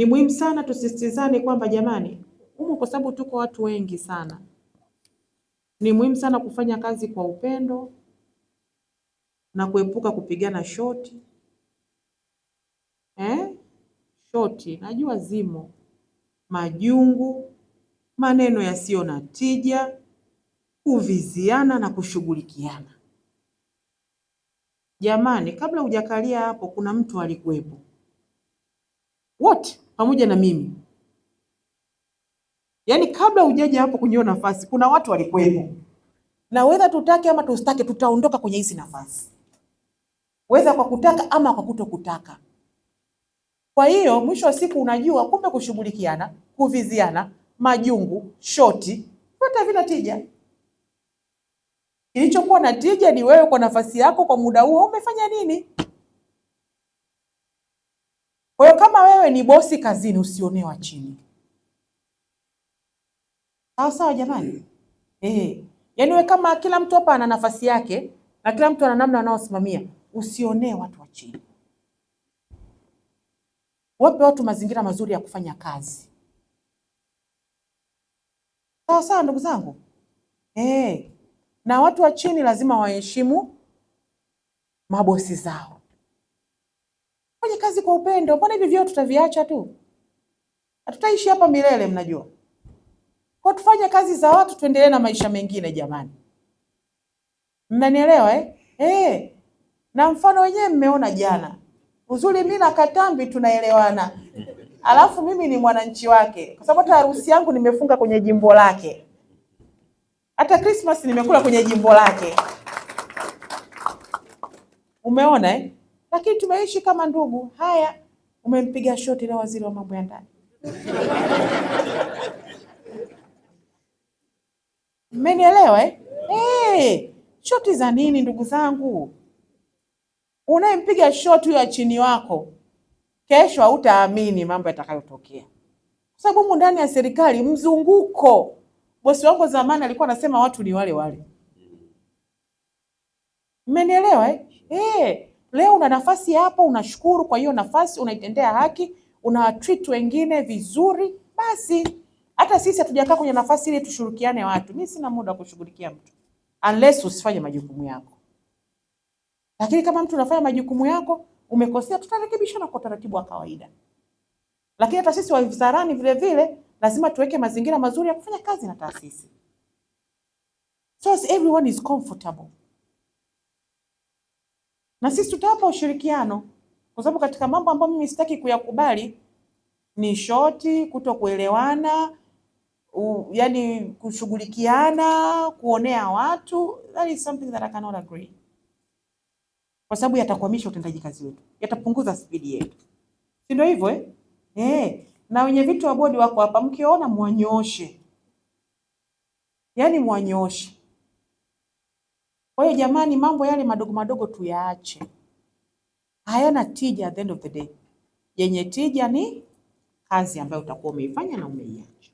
Ni muhimu sana tusisitizane kwamba jamani, humo kwa sababu tuko watu wengi sana, ni muhimu sana kufanya kazi kwa upendo na kuepuka kupigana shoti eh? Shoti najua zimo majungu, maneno yasiyo na tija, kuviziana na kushughulikiana. Jamani, kabla hujakalia hapo, kuna mtu alikuwepo. Wote pamoja na mimi. Yaani kabla hujaja hapo kwenye nafasi, kuna watu walikuwepo, na wedha tutake ama tusitake, tutaondoka kwenye hizi nafasi, wedha kwa kutaka ama kwa kutokutaka. Kwa hiyo mwisho wa siku unajua kumbe kushughulikiana, kuviziana, majungu, shoti vyote vina tija. Kilichokuwa na tija ni wewe kwa nafasi yako, kwa muda huo umefanya nini? Kwa hiyo kama wewe ni bosi kazini, usionewa chini. Sawa sawa jamani, eh, yaani wewe kama kila mtu hapa ana nafasi yake na kila mtu ana namna anaosimamia, usionee watu wa chini. Wape watu mazingira mazuri ya kufanya kazi. Sawa sawa ndugu zangu eh, na watu wa chini lazima waheshimu mabosi zao kazi kwa upendo. Mbona hivi vyote tutaviacha tu? Hatutaishi hapa milele, mnajua. Kwa tufanye kazi za watu, tuendelee na maisha mengine jamani, mnanielewa eh? Eh, na mfano wenyewe mmeona jana. Uzuri mimi na Katambi tunaelewana, alafu mimi ni mwananchi wake, kwa sababu hata harusi yangu nimefunga kwenye jimbo lake, hata Christmas nimekula kwenye jimbo lake, umeona eh? lakini tumeishi kama ndugu. Haya, umempiga shoti na waziri wa mambo ya ndani mmenielewa eh? Hey, eh, shoti za nini ndugu zangu? Unayempiga shoti huyo chini wako, kesho hautaamini mambo yatakayotokea, kwa sababu humu ndani ya serikali mzunguko. Bosi wangu zamani alikuwa anasema watu ni wale wale, mmenielewa eh? Hey. Eh, Leo una nafasi hapo, unashukuru kwa hiyo nafasi, unaitendea haki, una treat wengine vizuri. Basi hata sisi hatujakaa kwenye nafasi ile tushirikiane watu. Mimi sina muda wa kushughulikia mtu unless usifanye majukumu yako, lakini kama mtu unafanya majukumu yako, umekosea, tutarekebishana kwa taratibu wa kawaida. Lakini hata sisi wa vile vile lazima tuweke mazingira mazuri ya kufanya kazi na taasisi, so everyone is comfortable na sisi tutawapa ushirikiano, kwa sababu katika mambo ambayo mimi sitaki kuyakubali ni shoti, kutokuelewana, yani kushughulikiana, kuonea watu. That is something that I cannot agree, kwa sababu yatakwamisha utendaji kazi wetu, yatapunguza spidi yetu, si ndio hivyo eh? Eh, na wenye vitu wa bodi wako hapa, mkiona mwanyoshe, yaani mwanyoshe kwa hiyo jamani, mambo yale madogo madogo tuyaache, hayana tija at the end of the day. Yenye tija ni kazi ambayo utakuwa umeifanya na umeiacha.